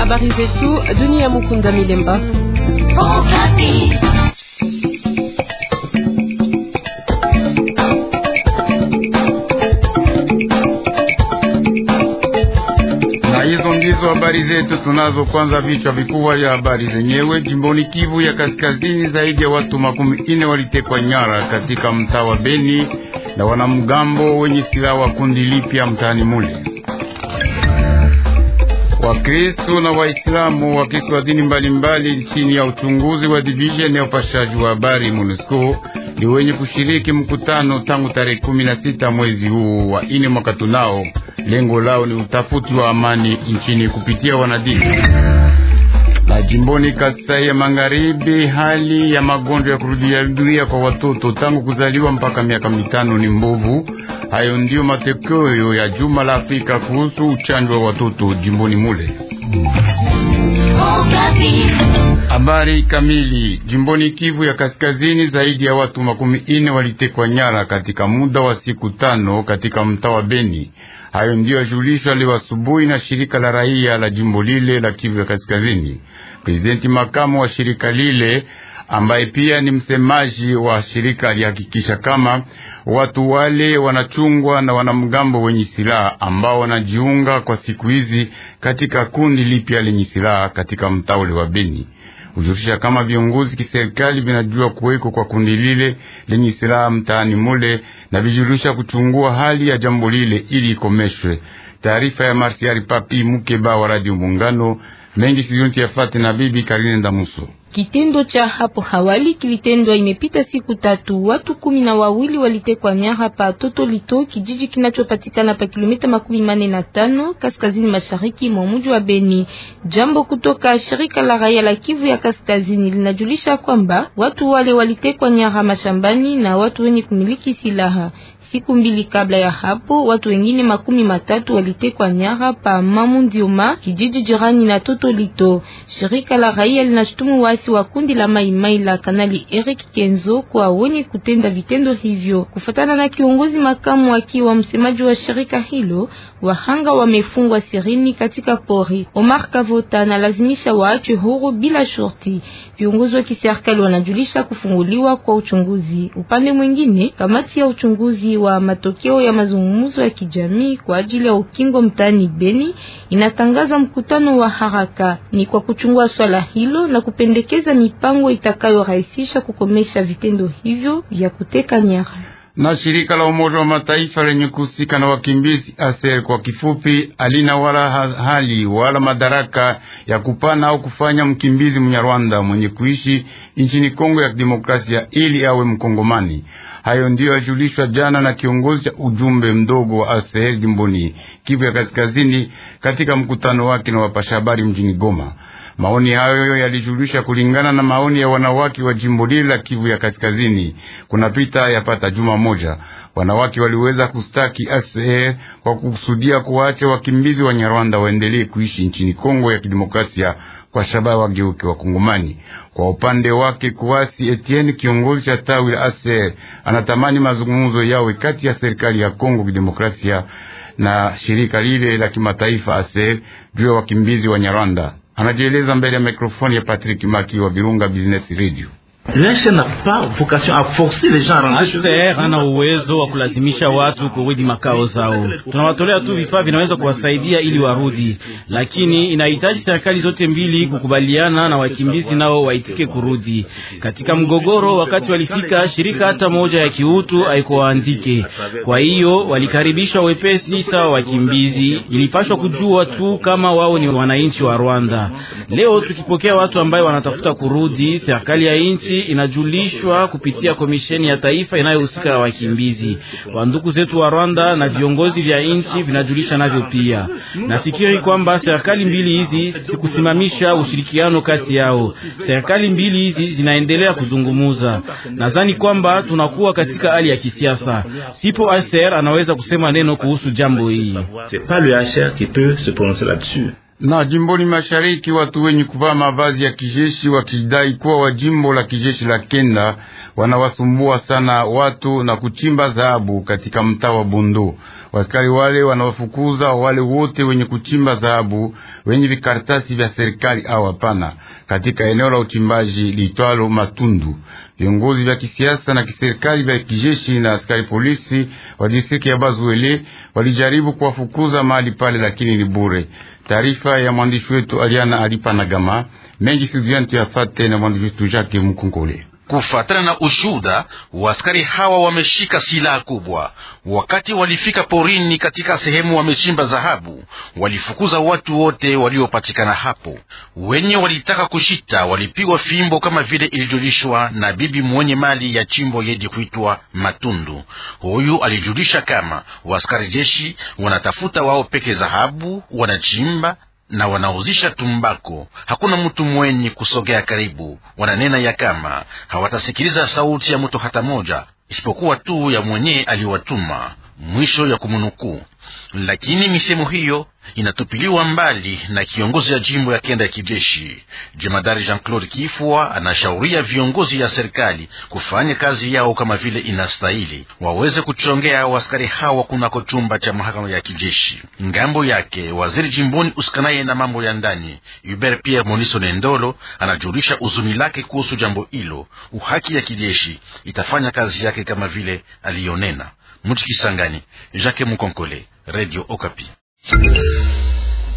Habari zetu dunia. Mukunda Milemba. Na hizo ndizo habari zetu tunazo. Kwanza vichwa vikubwa vya habari zenyewe. Jimboni Kivu ya Kaskazini, zaidi ya watu makumi ine walitekwa nyara katika mtaa wa Beni na wanamgambo wenye silaha wa kundi lipya mtaani mule Wakristo na Waislamu Wakristo wa dini mbalimbali chini ya uchunguzi wa divisheni ya upashaji wa habari MONUSCO ni wenye kushiriki mkutano tangu tarehe 16 mwezi huu wa ine mwaka tunao. Lengo lao ni utafuti wa amani nchini kupitia wanadini na jimboni Kasai ya Magharibi, hali ya magonjwa ya kurudia rudia kwa watoto tangu kuzaliwa mpaka miaka mitano ni mbovu. Hayo ndiyo matokeo ya juma la Afrika kuhusu uchanjo wa watoto jimboni mule. Habari kamili. Jimboni Kivu ya Kaskazini, zaidi ya watu makumi ine walitekwa nyara katika muda wa siku tano katika mtaa wa Beni. Hayo ndiyo yajulishwa leo asubuhi na shirika la raia la jimbo lile la Kivu ya Kaskazini. Presidenti makamu wa shirika lile ambaye pia ni msemaji wa shirika alihakikisha kama watu wale wanachungwa na wanamgambo wenye silaha ambao wanajiunga kwa siku hizi katika kundi lipya lenye silaha katika mtaule wa Beni. Hujulisha kama viongozi kiserikali vinajua kuweko kwa kundi lile lenye silaha mtaani mule na vijulisha kuchungua hali ya jambo lile ili ikomeshwe. Taarifa ya Marsiari Papi Mukeba wa Radio Muungano mengi sizonti yafate na bibi Karine Ndamuso. Kitendo cha hapo hawali kilitendwa imepita siku tatu. Watu kumi na wawili walitekwa nyara pa Toto Lito, kijiji kinachopatikana pa kilomita makumi mane na tano kaskazini mashariki mwa mji wa Beni. Jambo kutoka shirika la raia la Kivu ya kaskazini linajulisha kwamba watu wale walitekwa nyara mashambani na watu wenye kumiliki silaha. Siku mbili kabla ya hapo, watu wengine makumi matatu walitekwa nyara pa Mamundiuma, kijiji jirani na Totolito. Shirika la raia linashutumu waasi wa kundi la Maimai la Kanali Eric Kenzo kwa wenye kutenda vitendo hivyo. Kufatana na kiongozi makamu akiwa msemaji wa shirika hilo, wahanga wamefungwa sirini katika pori. Omar Kavota analazimisha waachwe huru bila shurti. Viongozi wa kiserikali wanajulisha kufunguliwa kwa uchunguzi. Upande mwingine, kamati ya uchunguzi wa matokeo ya mazungumzo ya kijamii kwa ajili ya ukingo mtaani Beni inatangaza mkutano wa haraka ni kwa kuchungua swala hilo na kupendekeza mipango itakayorahisisha kukomesha vitendo hivyo vya kuteka nyara na shirika la Umoja wa Mataifa lenye kuhusika na wakimbizi ASER kwa kifupi, alina wala hali wala madaraka ya kupana au kufanya mkimbizi Mnyarwanda mwenye kuishi nchini Kongo ya Kidemokrasia ili awe Mkongomani. Hayo ndiyo yajulishwa jana na kiongozi cha ujumbe mdogo wa ASER jimboni Kivu ya Kaskazini katika mkutano wake na wapasha habari mjini Goma. Maoni hayo yalijulisha kulingana na maoni ya wanawake wa jimbo lile la Kivu ya Kaskazini. Kuna pita yapata juma moja, wanawake waliweza kustaki ACR kwa kukusudia kuwacha wakimbizi wa Nyarwanda waendelee kuishi nchini Kongo ya Kidemokrasia kwa shabaha wageuke Wakongomani. Kwa upande wake, Kuasi Etienne, kiongozi cha tawi la ACR, anatamani mazungumzo yawe kati ya serikali ya Kongo Kidemokrasia na shirika lile la kimataifa ACR juu ya wakimbizi wa Nyarwanda anajieleza mbele ya mikrofoni ya Patrick Maki wa Virunga Business Radio. HCR ana uwezo wa kulazimisha watu kurudi makao zao. Tunawatolea tu vifaa vinaweza kuwasaidia ili warudi, lakini inahitaji serikali zote mbili kukubaliana na wakimbizi nao waitike kurudi. Katika mgogoro, wakati walifika, shirika hata moja ya kiutu haikuwaandike. Kwa hiyo walikaribisha wepesi sawa wakimbizi. Ilipashwa kujua tu kama wao ni wananchi wa Rwanda. Leo tukipokea watu ambayo wanatafuta kurudi, serikali ya nchi inajulishwa kupitia komisheni ya taifa inayohusika na wakimbizi. Wandugu zetu wa Rwanda na viongozi vya nchi vinajulisha navyo pia. Nafikiri kwamba serikali mbili hizi zikusimamisha ushirikiano kati yao. Serikali mbili hizi zinaendelea kuzungumuza. Nadhani kwamba tunakuwa katika hali ya kisiasa. Sipo HCR anaweza kusema neno kuhusu jambo hili. Na jimboni mashariki watu wenye kuvaa mavazi ya kijeshi wakidai kuwa wa jimbo la kijeshi la Kenda wanawasumbua sana watu na kuchimba dhahabu katika mtaa wa Bundu. Wasikari wale wanawafukuza wale wote wenye kuchimba dhahabu wenye vikaratasi vya serikali au hapana, katika eneo la uchimbaji liitwalo Matundu. Viongozi vya kisiasa na kiserikali vya kijeshi na askari polisi wa distriki ya Bazuele walijaribu kuwafukuza mahali pale, lakini ni bure. Taarifa ya mwandishi wetu Aliana Alipa na Gama mengi siziantu yafate na mwandishi wetu Jacques Mkunkole. Kufatana na ushuda, waskari hawa wameshika silaha kubwa. Wakati walifika porini katika sehemu wamechimba dhahabu, walifukuza watu wote waliopatikana hapo. Wenye walitaka kushita walipigwa fimbo, kama vile ilijulishwa na bibi mwenye mali ya chimbo yedi kuitwa Matundu. Huyu alijulisha kama waskari jeshi wanatafuta wao peke dhahabu wanachimba na wanauzisha tumbako, hakuna mtu mwenye kusogea karibu. Wananena ya kama hawatasikiliza sauti ya mtu hata moja, isipokuwa tu ya mwenye aliwatuma Mwisho ya kumnukuu. Lakini misemo hiyo inatupiliwa mbali na kiongozi ya jimbo ya kenda ya kijeshi. Jemadari Jean-Claude Kifwa anashauria viongozi ya serikali kufanya kazi yao kama vile inastahili, waweze kuchongea waskari hawa kunako chumba cha mahakama ya kijeshi. Ngambo yake waziri jimboni usikanaye na mambo ya ndani Hubert Pierre Moniso Nendolo anajulisha uzuni lake kuhusu jambo hilo. Uhaki ya kijeshi itafanya kazi yake kama vile aliyonena mji Jacques Mukonkole, Radio Okapi.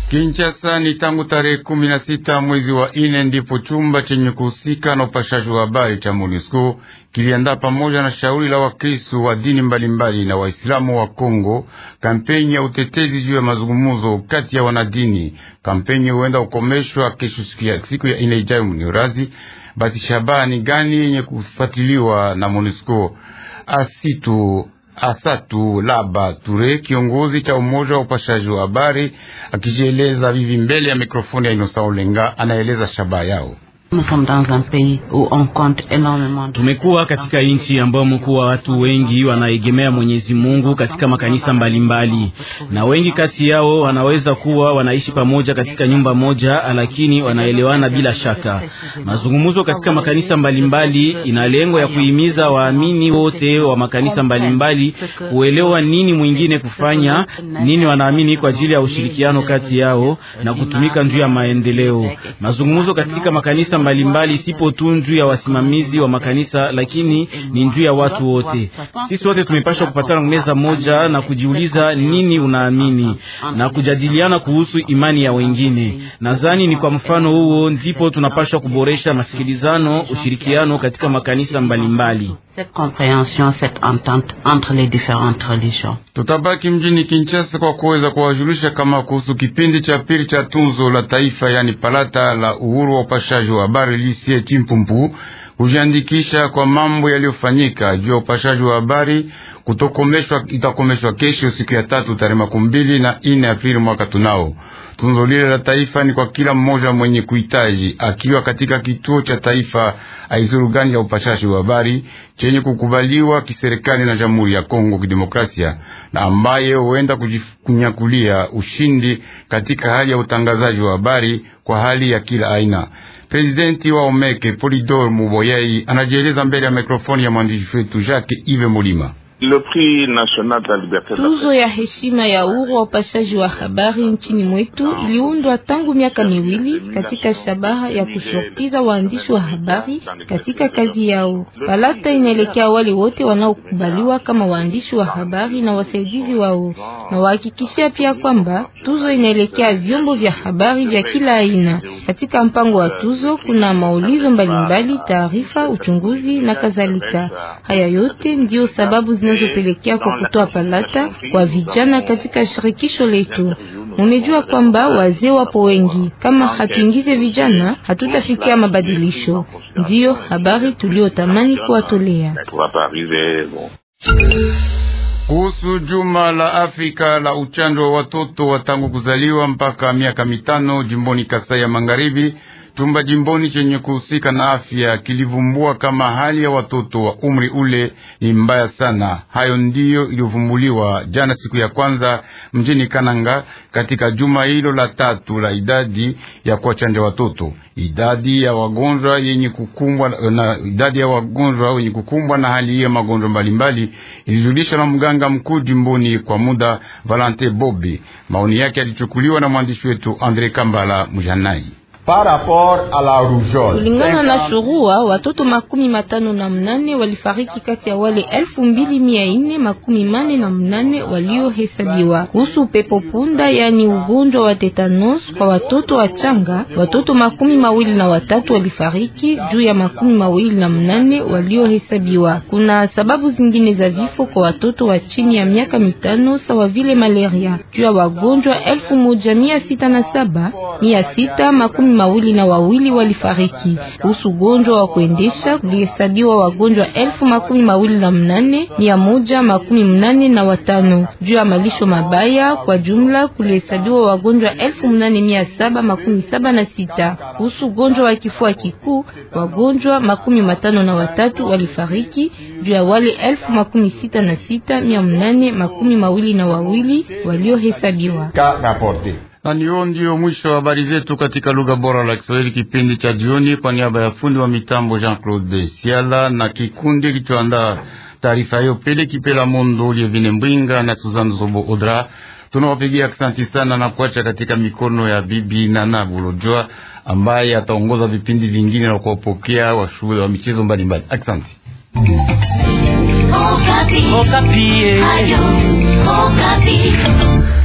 Kinshasa ni tangu tarehe kumi na sita mwezi wa ine ndipo chumba chenye kuhusika na upashaji wa habari cha MONUSCO kiliandaa pamoja na shauri la Wakristo wa dini mbalimbali mbali na Waislamu wa Kongo kampeni ya utetezi juu ya mazungumzo kati ya wanadini. Kampeni huenda kukomeshwa kesho siku ya ine ijayo mniurazi Basi shabani gani yenye kufuatiliwa na MONUSCO asitu Asatu Laba Ture, kiongozi cha umoja wa upashaji wa habari, akijieleza vivi mbele ya mikrofoni ya Inosa Olenga, anaeleza shabaha yao. Tumekuwa katika nchi ambayo wa watu wengi wanaegemea Mwenyezi Mungu katika makanisa mbalimbali mbali. Na wengi kati yao wanaweza kuwa wanaishi pamoja katika nyumba moja, lakini wanaelewana bila shaka. Mazungumzo katika makanisa mbalimbali mbali, ina lengo ya kuhimiza waamini wote wa makanisa mbalimbali mbali, kuelewa nini mwingine kufanya nini wanaamini kwa ajili ya ushirikiano kati yao na kutumika njuu ya maendeleo. Mazungumzo katika makanisa mbalimbali sipo tu njuu ya wasimamizi wa makanisa, lakini ni njuu ya watu wote. Sisi wote tumepashwa kupatana meza moja na kujiuliza nini unaamini na kujadiliana kuhusu imani ya wengine. Nadhani ni kwa mfano huo ndipo tunapashwa kuboresha masikilizano, ushirikiano katika makanisa mbalimbali mbali cette compréhension, cette entente entre les différentes religions. Tutabaki mjini Kinshasa kwa kuweza kuwajulisha kama kuhusu kipindi cha pili cha tunzo la taifa, yani palata la uhuru wa upashaji wa habari lisie chimpumpu kujiandikisha kwa mambo yaliyofanyika juu ya upashaji wa habari kutokomeshwa itakomeshwa kesho siku ya tatu tarehe makumi mbili na ine Aprili mwaka tunao Tunzo lile la taifa ni kwa kila mmoja mwenye kuhitaji, akiwa katika kituo cha taifa aizuru gani ya upashashi wa habari chenye kukubaliwa kiserikali na Jamhuri ya Kongo Kidemokrasia, na ambaye huenda kujikunyakulia ushindi katika hali ya utangazaji wa habari kwa hali ya kila aina. Presidenti wa Omeke Polidor Muboyei anajieleza mbele ya mikrofoni ya mwandishi wetu Jacques Ive Mulima. Tuzo ya heshima ya uhuru wa upashaji wa habari nchini mwetu iliundwa tangu miaka miwili katika shabaha ya kushirikisha waandishi wa habari katika kazi yao. Palata inaelekea wale wote wanaokubaliwa kama waandishi wa habari na wasaidizi wao, na wahakikishia pia kwamba tuzo inaelekea vyombo vya habari vya kila aina. Katika mpango wa tuzo kuna maulizo mbalimbali, taarifa, uchunguzi na kadhalika. Haya yote ndio sababu zina zinazopelekea ee, kwa kutoa palata kwa vijana katika shirikisho letu. Mumejua kwamba wazee wapo wengi. Kama hatuingize vijana, hatutafikia mabadilisho. Ndiyo habari tuliyotamani kuwatolea kuhusu juma la Afrika la uchanjo wa watoto wa tangu kuzaliwa mpaka miaka mitano jimboni Kasai ya Magharibi. Chumba jimboni chenye kuhusika na afya kilivumbua kama hali ya watoto wa umri ule ni mbaya sana. Hayo ndiyo iliyovumbuliwa jana siku ya kwanza mjini Kananga katika juma hilo la tatu la idadi ya kuwachanja watoto. Idadi ya wagonjwa yenye kukumbwa na idadi ya wagonjwa wenye kukumbwa na hali ya magonjwa mbalimbali ilijulishwa na mganga mkuu jimboni kwa muda Valante Bobi. Maoni yake yalichukuliwa na mwandishi wetu Andre Kambala Mujanai. Kulingana na shurua, watoto makumi matano na mnane walifariki kati ya wale elfu mbili mia nne makumi mane na mnane waliohesabiwa. Kuhusu pepo punda, yani ugonjwa wa tetanos kwa watoto wachanga, watoto makumi mawili na watatu walifariki juu ya makumi mawili na mnane waliohesabiwa. Kuna sababu zingine za vifo kwa watoto wa chini ya miaka mitano sawa vile malaria juu ya wagonjwa elfu moja mia sita na saba mia sita makumi makumi mawili na wawili walifariki. Kuhusu ugonjwa wa kuendesha, kulihesabiwa wagonjwa elfu makumi mawili na mnane mia moja makumi mnane na watano. Juu ya malisho mabaya, kwa jumla kulihesabiwa wagonjwa elfu mnane mia saba makumi saba na sita. Kuhusu ugonjwa wa kifua kikuu, wagonjwa makumi matano na watatu walifariki. Juu ya wale elfu makumi sita na sita mia mnane makumi mawili na wawili waliohesabiwa na niyo ndiyo mwisho wa habari zetu katika lugha bora la Kiswahili kipindi cha jioni, kwa niaba ya fundi wa mitambo Jean-Claude Siala na kikundi kilichoandaa taarifa hiyo Pele Kipela Mondo, Lievine Mbwinga na Suzan Zobo Odra, tunawapigia asanti sana na kuacha katika mikono ya bibi Nana Bulojwa ambaye ataongoza vipindi vingine na kuwapokea wa shule wa michezo mbalimbali. Asanti Okapi. Okapi.